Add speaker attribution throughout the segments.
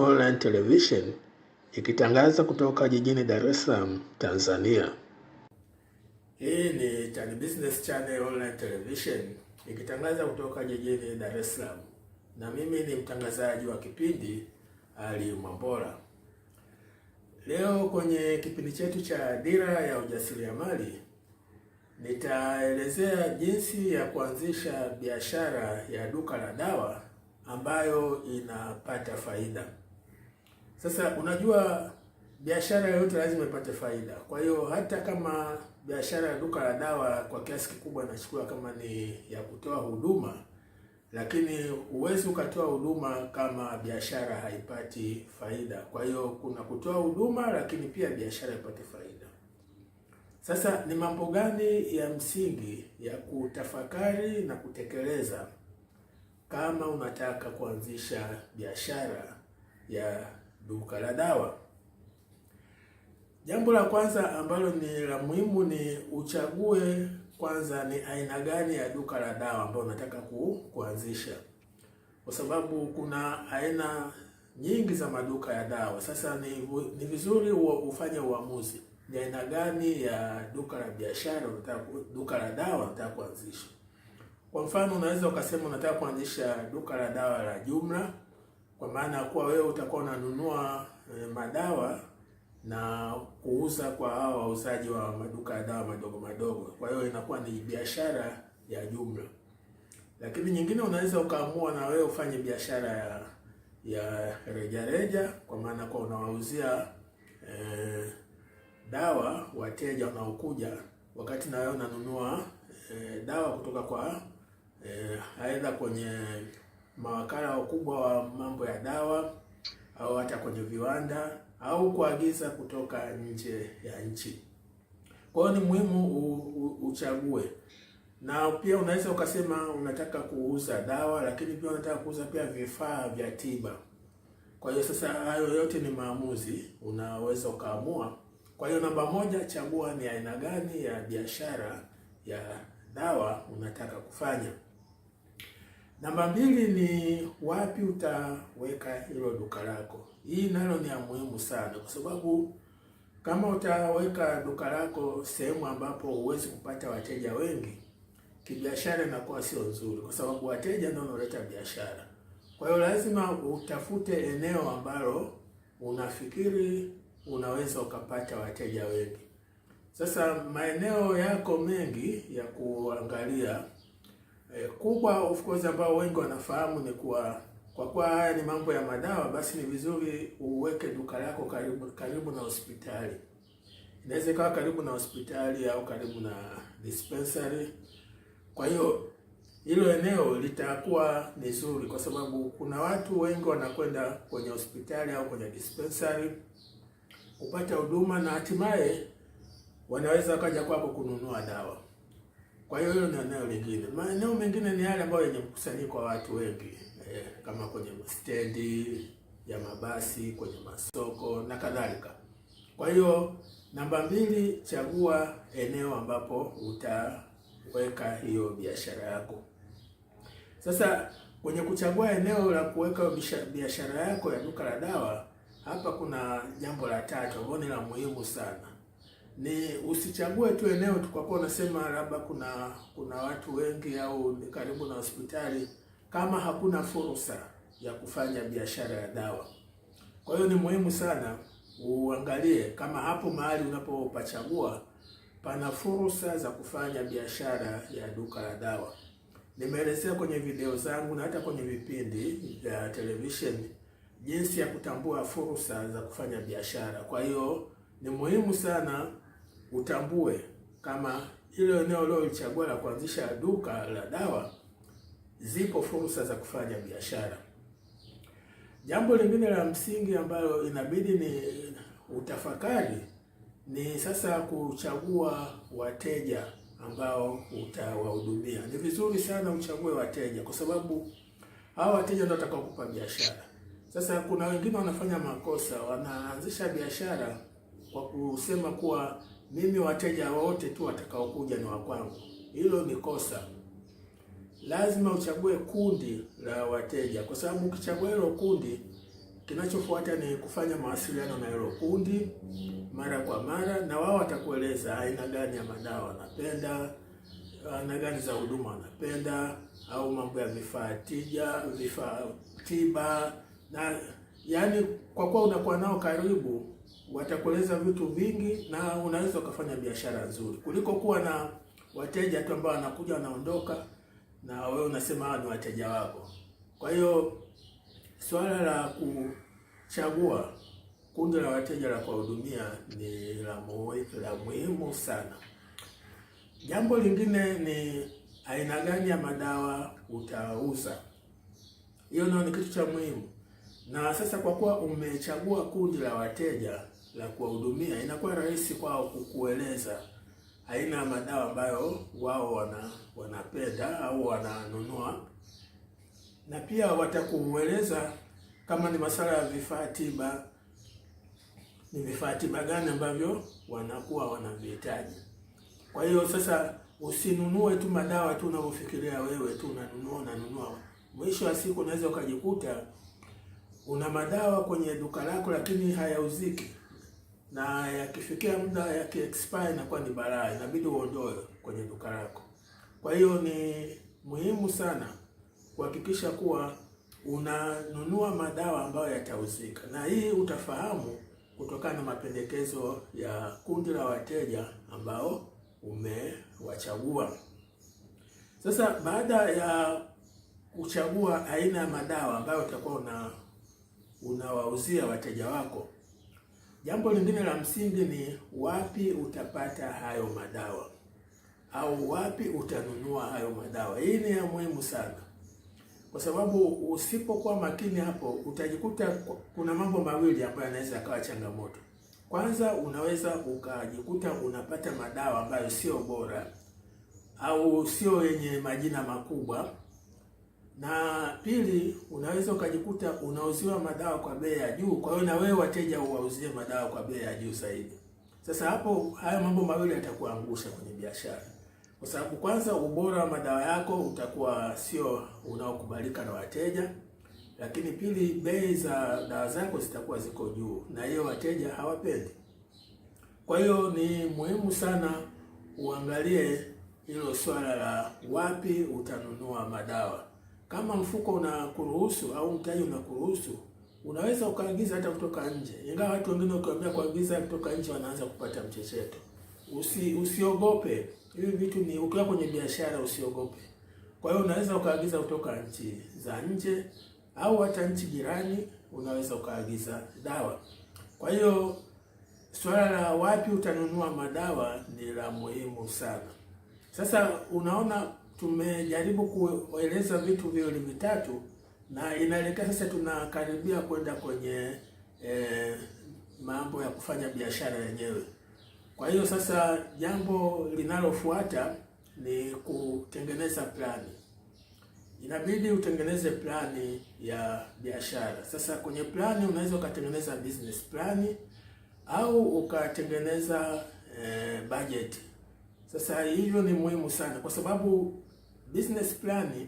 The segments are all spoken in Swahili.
Speaker 1: Online Television ikitangaza kutoka jijini Dar es Salaam, Tanzania.
Speaker 2: Hii ni Tan Business Channel Online Television ikitangaza kutoka jijini Dar es Salaam, na mimi ni mtangazaji wa kipindi Ali Mwambola. Leo kwenye kipindi chetu cha Dira ya Ujasiriamali nitaelezea jinsi ya kuanzisha biashara ya duka la dawa ambayo inapata faida. Sasa unajua biashara yoyote lazima ipate faida. Kwa hiyo hata kama biashara ya duka la dawa kwa kiasi kikubwa inachukua kama ni ya kutoa huduma, lakini huwezi ukatoa huduma kama biashara haipati faida. Kwa hiyo kuna kutoa huduma, lakini pia biashara ipate faida. Sasa ni mambo gani ya msingi ya kutafakari na kutekeleza kama unataka kuanzisha biashara ya duka la dawa. Jambo la kwanza ambalo ni la muhimu ni uchague kwanza ni aina gani ya duka la dawa ambayo unataka ku, kuanzisha kwa sababu kuna aina nyingi za maduka ya dawa. Sasa ni, ni vizuri ufanye uamuzi ni aina gani ya duka la biashara unataka, duka la dawa unataka kuanzisha. Kwa mfano, unaweza ukasema unataka kuanzisha duka la dawa la jumla kwa maana ya kuwa wewe utakuwa unanunua e, madawa na kuuza kwa hawa wauzaji wa maduka ya dawa madogo madogo. Kwa hiyo inakuwa ni biashara ya jumla, lakini nyingine unaweza ukaamua na wewe ufanye biashara ya ya rejareja, kwa maana kwa unawauzia e, dawa wateja wanaokuja, wakati na wewe unanunua e, dawa kutoka kwa e, aidha kwenye mawakala wakubwa wa mambo ya dawa au hata kwenye viwanda au kuagiza kutoka nje ya nchi. Kwa hiyo ni muhimu u, u, uchague na pia unaweza ukasema unataka kuuza dawa, lakini pia unataka kuuza pia vifaa vya tiba. Kwa hiyo sasa, hayo yote ni maamuzi, unaweza ukaamua. Kwa hiyo namba moja, chagua ni aina gani ya biashara ya dawa unataka kufanya. Namba mbili ni wapi utaweka hilo duka lako. Hii nalo ni ya muhimu sana, kwa sababu kama utaweka duka lako sehemu ambapo huwezi kupata wateja wengi, kibiashara inakuwa sio nzuri, kwa sababu wateja ndio wanaoleta biashara. Kwa hiyo lazima utafute eneo ambalo unafikiri unaweza ukapata wateja wengi. Sasa maeneo yako mengi ya kuangalia E, kubwa of course ambao wengi wanafahamu ni kuwa kwa kuwa haya ni mambo ya madawa, basi ni vizuri uweke duka lako karibu karibu na hospitali. Inaweza ikawa karibu na hospitali au karibu na dispensary. Kwa hiyo hilo eneo litakuwa ni zuri, kwa sababu kuna watu wengi wanakwenda kwenye hospitali au kwenye dispensary kupata huduma na hatimaye wanaweza wakaja kwako kununua dawa. Kwa hiyo hilo ni eneo lingine. Maeneo mengine ni yale ambayo yenye mkusanyiko wa watu wengi eh, kama kwenye stendi ya mabasi, kwenye masoko na kadhalika. Kwa hiyo namba mbili, chagua eneo ambapo utaweka hiyo biashara yako. Sasa kwenye kuchagua eneo la kuweka biashara yako ya duka la dawa, hapa kuna jambo la tatu ambalo ni la muhimu sana ni usichague tu eneo tukakuwa unasema labda kuna kuna watu wengi au ni karibu na hospitali, kama hakuna fursa ya kufanya biashara ya dawa. Kwa hiyo ni muhimu sana uangalie kama hapo mahali unapopachagua pana fursa za kufanya biashara ya duka la dawa. Nimeelezea kwenye video zangu na hata kwenye vipindi vya television jinsi ya kutambua fursa za kufanya biashara. Kwa hiyo ni muhimu sana utambue kama ilo eneo ulilochagua la kuanzisha duka la dawa, zipo fursa za kufanya biashara. Jambo lingine la msingi ambalo inabidi ni utafakari ni sasa kuchagua wateja ambao utawahudumia. Ni vizuri sana uchague wateja, kwa sababu hao wateja ndio watakaokupa biashara. Sasa kuna wengine wanafanya makosa, wanaanzisha biashara kwa kusema kuwa mimi wateja wote tu watakaokuja ni wa kwangu. Hilo ni kosa. Lazima uchague kundi la wateja, kwa sababu ukichagua hilo kundi, kinachofuata ni kufanya mawasiliano na hilo kundi mara kwa mara, na wao watakueleza aina gani ya madawa wanapenda, aina gani za huduma wanapenda, au mambo ya vifaa tija, vifaa tiba na, yani kwa kuwa unakuwa nao karibu watakueleza vitu vingi na unaweza ukafanya biashara nzuri kuliko kuwa na wateja tu ambao wanakuja wanaondoka, na wewe unasema hawa ni wateja wako. Kwa hiyo swala la kuchagua kundi la wateja la kuwahudumia ni la muhimu sana. Jambo lingine ni aina gani ya madawa utauza. Hiyo nayo ni kitu cha muhimu. Na sasa kwa kuwa umechagua kundi la wateja la kuwahudumia inakuwa rahisi kwao kukueleza aina ya madawa ambayo wao wana, wanapenda au wananunua, na pia watakueleza kama ni masuala ya vifaa tiba, ni vifaa tiba gani ambavyo wanakuwa wanavihitaji. Kwa hiyo sasa usinunue tu madawa tu unavyofikiria wewe tu unanunua unanunua, mwisho wa siku unaweza ukajikuta una madawa kwenye duka lako lakini hayauziki na yakifikia muda yakiexpire inakuwa ni balaa, inabidi uondoe kwenye duka lako. Kwa hiyo ni muhimu sana kuhakikisha kuwa unanunua madawa ambayo yatauzika, na hii utafahamu kutokana na mapendekezo ya kundi la wateja ambao umewachagua. Sasa baada ya kuchagua aina ya madawa ambayo utakuwa una unawauzia wateja wako Jambo lingine la msingi ni wapi utapata hayo madawa au wapi utanunua hayo madawa. Hii ni ya muhimu sana, kwa sababu usipokuwa makini hapo utajikuta kuna mambo mawili ambayo yanaweza yakawa changamoto. Kwanza, unaweza ukajikuta unapata madawa ambayo sio bora au sio yenye majina makubwa na pili, unaweza ukajikuta unauziwa madawa kwa bei ya juu, kwa hiyo na wewe wateja uwauzie madawa kwa bei ya juu zaidi. Sasa hapo haya mambo mawili yatakuangusha kwenye biashara, kwa sababu kwanza, ubora wa madawa yako utakuwa sio unaokubalika na wateja, lakini pili, bei za dawa zako zitakuwa ziko juu, na hiyo wateja hawapendi. Kwa hiyo ni muhimu sana uangalie hilo swala la wapi utanunua madawa. Kama mfuko unakuruhusu au mtaji unakuruhusu, unaweza ukaagiza hata kutoka nje, ingawa watu wengine ukiambia kuagiza kutoka nje wanaanza kupata mchecheto. Usi, usiogope hivi vitu ni, ukiwa kwenye biashara usiogope. Kwa hiyo unaweza ukaagiza kutoka nchi za nje au hata nchi jirani, unaweza ukaagiza dawa. Kwa hiyo swala la wapi utanunua madawa ni la muhimu sana. Sasa unaona tumejaribu kueleza vitu viwili vitatu, na inaelekea sasa tunakaribia kwenda kwenye e, mambo ya kufanya biashara yenyewe. Kwa hiyo sasa jambo linalofuata ni kutengeneza plani. Inabidi utengeneze plani ya biashara. Sasa kwenye plani unaweza ukatengeneza business plan au ukatengeneza e, budget. Sasa hivyo ni muhimu sana kwa sababu business plan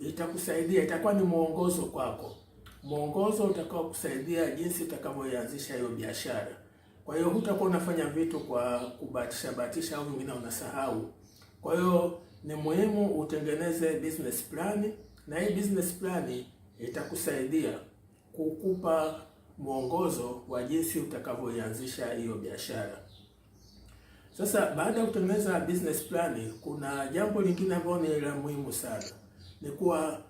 Speaker 2: itakusaidia, itakuwa ni mwongozo kwako, mwongozo utakao kusaidia jinsi utakavyoianzisha hiyo biashara. Kwa hiyo hutakuwa unafanya vitu kwa kubatisha batisha au vingine unasahau. Kwa hiyo ni muhimu utengeneze business plan, na hii business plan itakusaidia kukupa mwongozo wa jinsi utakavyoianzisha hiyo biashara. Sasa baada ya kutengeneza business plan, kuna jambo lingine ambalo ni la muhimu sana, ni kuwa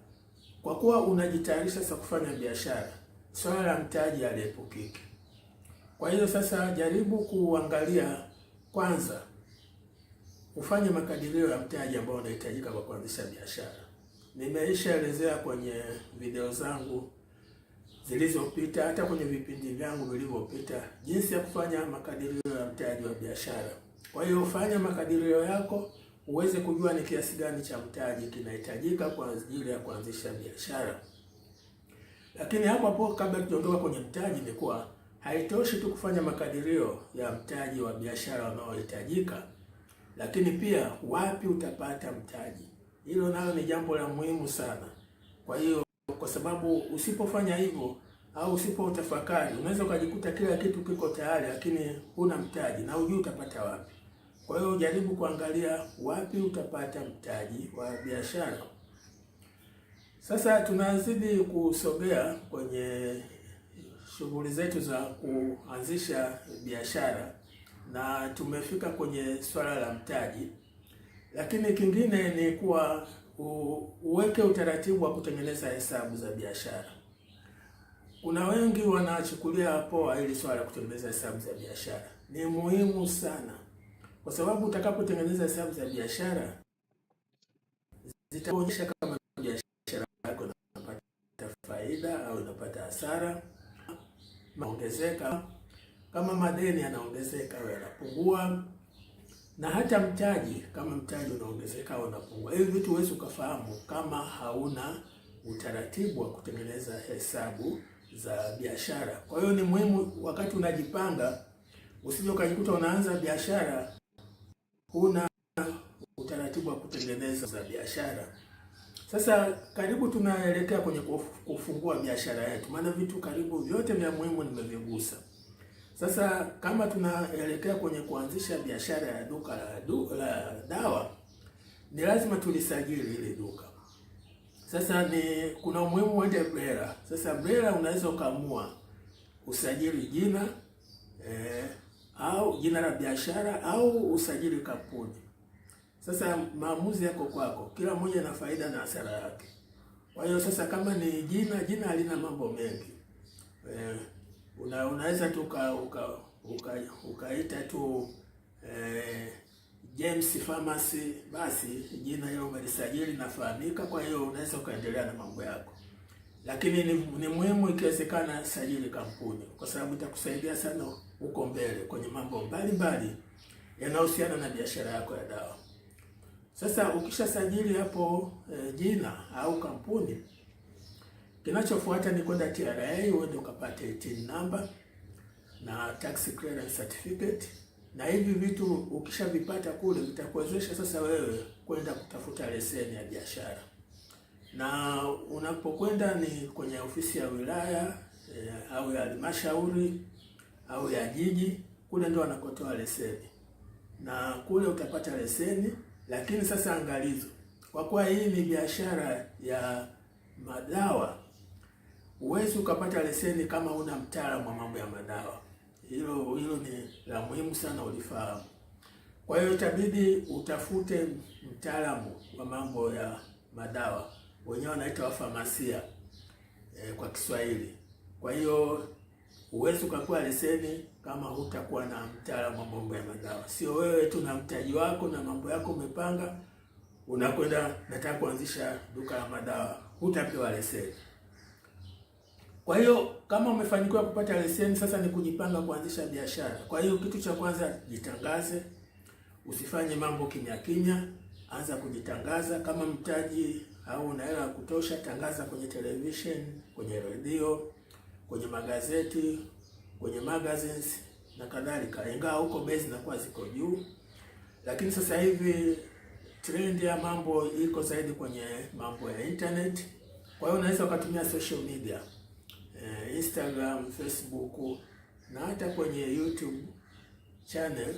Speaker 2: kwa kuwa unajitayarisha sasa kufanya biashara, swala la mtaji aliepukiki. Kwa hiyo sasa jaribu kuangalia kwanza, ufanye makadirio ya mtaji ambao unahitajika kwa kuanzisha biashara. Nimeishaelezea kwenye video zangu zilizopita, hata kwenye vipindi vyangu vilivyopita, jinsi ya kufanya makadirio ya mtaji wa biashara. Kwa hiyo fanya makadirio yako uweze kujua ni kiasi gani cha mtaji kinahitajika kwa ajili ya kuanzisha biashara. Lakini hapo hapo, kabla tujaondoka kwenye mtaji, ni kuwa haitoshi tu kufanya makadirio ya mtaji wa biashara unaohitajika, lakini pia wapi utapata mtaji. Hilo nalo ni jambo la muhimu sana. Kwa hiyo, kwa sababu usipofanya hivyo au usipo utafakari, unaweza ukajikuta kila kitu kiko tayari, lakini huna mtaji na hujui utapata wapi. Kwa hiyo jaribu kuangalia wapi utapata mtaji wa biashara. Sasa tunazidi kusogea kwenye shughuli zetu za kuanzisha biashara na tumefika kwenye swala la mtaji, lakini kingine ni kuwa uweke utaratibu wa kutengeneza hesabu za biashara. Kuna wengi wanachukulia poa hili swala kutengeneza hesabu za biashara. Ni muhimu sana, kwa sababu utakapotengeneza hesabu za biashara zitaonyesha kama biashara yako inapata faida au inapata hasara, maongezeka kama madeni yanaongezeka au yanapungua, na hata mtaji kama mtaji unaongezeka au unapungua. Hivi vitu huwezi ukafahamu kama hauna utaratibu wa kutengeneza hesabu za biashara. Kwa hiyo ni muhimu wakati unajipanga, usije ukajikuta unaanza biashara huna utaratibu wa kutengeneza za biashara. Sasa karibu tunaelekea kwenye kufungua biashara yetu, maana vitu karibu vyote vya muhimu nimevigusa. Sasa kama tunaelekea kwenye kuanzisha biashara ya duka la, du, la dawa ni lazima tulisajili ile duka sasa ni kuna umuhimu wende BRELA. Sasa BRELA unaweza ukaamua usajili jina eh, au jina la biashara au usajili kampuni. Sasa maamuzi yako kwako, kila mmoja na faida na hasara yake. Kwa hiyo sasa, kama ni jina, jina halina mambo mengi eh, una, unaweza tu uka, uka, uka, tu eh, James Pharmacy, basi jina hilo umelisajili nafahamika, kwa hiyo unaweza ukaendelea na mambo yako, lakini ni, ni muhimu ikiwezekana sajili kampuni, kwa sababu itakusaidia sana huko mbele kwenye mambo mbalimbali yanayohusiana na biashara yako ya dawa. Sasa ukisha sajili hapo e, jina au kampuni, kinachofuata ni kwenda TRA uende ukapate TIN number na tax clearance certificate na hivi vitu ukishavipata kule vitakuwezesha sasa wewe kwenda kutafuta leseni ya biashara, na unapokwenda ni kwenye ofisi ya wilaya eh, au ya halmashauri au ya jiji, kule ndio wanakotoa leseni na kule utapata leseni. Lakini sasa angalizo, kwa kuwa hii ni biashara ya madawa, huwezi ukapata leseni kama una mtaalamu wa mambo ya madawa hilo hilo ni la muhimu sana ulifahamu. Kwa hiyo itabidi utafute mtaalamu wa mambo ya madawa, wenyewe wanaita wafamasia e, eh, kwa Kiswahili. Kwa hiyo huwezi ukapewa leseni kama hutakuwa na mtaalamu wa mambo ya madawa. Sio wewe tu na mtaji wako na mambo yako umepanga, unakwenda nataka kuanzisha duka la madawa, hutapewa leseni. Kwa hiyo kama umefanikiwa kupata leseni, sasa ni kujipanga kuanzisha biashara. Kwa hiyo kitu cha kwanza, jitangaze, usifanye mambo kimya kimya, anza kujitangaza. Kama mtaji au una hela ya kutosha, tangaza kwenye television, kwenye redio, kwenye magazeti, kwenye magazines na kadhalika, ingawa huko bei zinakuwa ziko juu, lakini sasa hivi trend ya mambo iko zaidi kwenye mambo ya internet. Kwa hiyo unaweza ukatumia social media. Instagram, Facebook na hata kwenye YouTube channel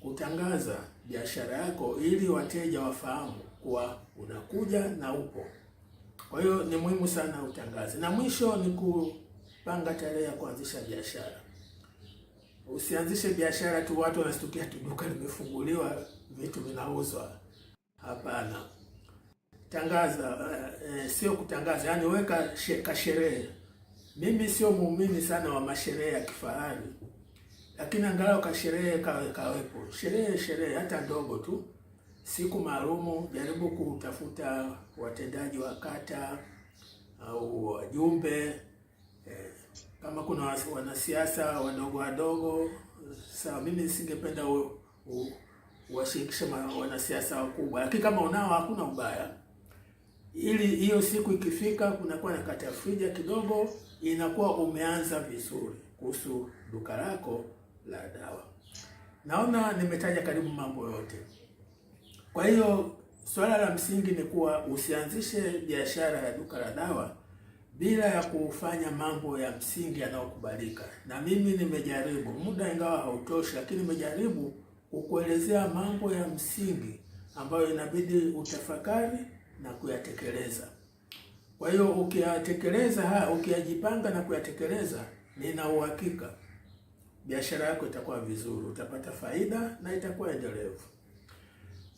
Speaker 2: kutangaza biashara yako ili wateja wafahamu kuwa unakuja na upo. Kwa hiyo ni muhimu sana utangaze. Na mwisho ni kupanga tarehe ya kuanzisha biashara. Usianzishe biashara tu watu wanastukia tu duka limefunguliwa, vitu vinauzwa. Hapana, tangaza eh, eh sio kutangaza, yaani weka kasherehe mimi sio muumini sana wa masherehe ya kifahari, lakini angalau kasherehe kawe kawepo. Sherehe sherehe hata ndogo tu, siku maalumu, jaribu kutafuta watendaji wa kata au wajumbe eh, kama kuna wanasiasa wadogo wadogo. Sawa, mimi nisingependa uwashirikishe wanasiasa wakubwa, lakini kama unao hakuna ubaya ili hiyo siku ikifika, kunakuwa na kata frija kidogo, inakuwa umeanza vizuri kuhusu duka lako la dawa. Naona nimetaja karibu mambo yote. Kwa hiyo swala la msingi ni kuwa usianzishe biashara ya duka la dawa bila ya kufanya mambo ya msingi yanayokubalika. Na mimi nimejaribu, muda ingawa hautoshi, lakini nimejaribu kukuelezea mambo ya msingi ambayo inabidi utafakari na kuyatekeleza. Kwa hiyo ukiyatekeleza haya, ukiyajipanga na kuyatekeleza, nina uhakika biashara yako itakuwa vizuri, utapata faida na itakuwa endelevu.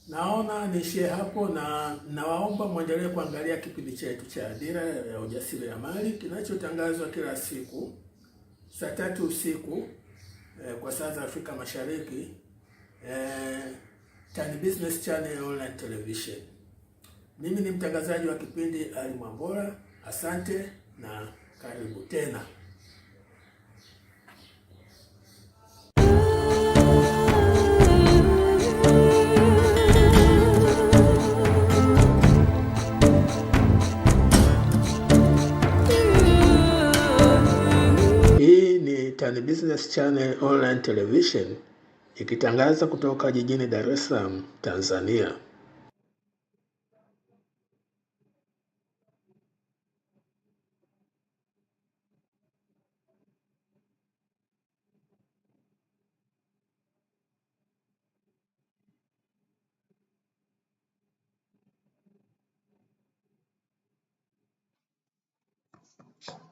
Speaker 2: Naona niishie hapo, na nawaomba mwendelee kuangalia kipindi chetu cha Dira ya Ujasiriamali kinachotangazwa kila siku saa tatu usiku eh, kwa saa za Afrika Mashariki eh, Tan Business Channel Online Television. Mimi ni mtangazaji wa kipindi Ali Mwambola. Asante na karibu tena. Hii ni Tan Business Channel Online Television ikitangaza kutoka jijini Dar es Salaam, Tanzania. Thank you.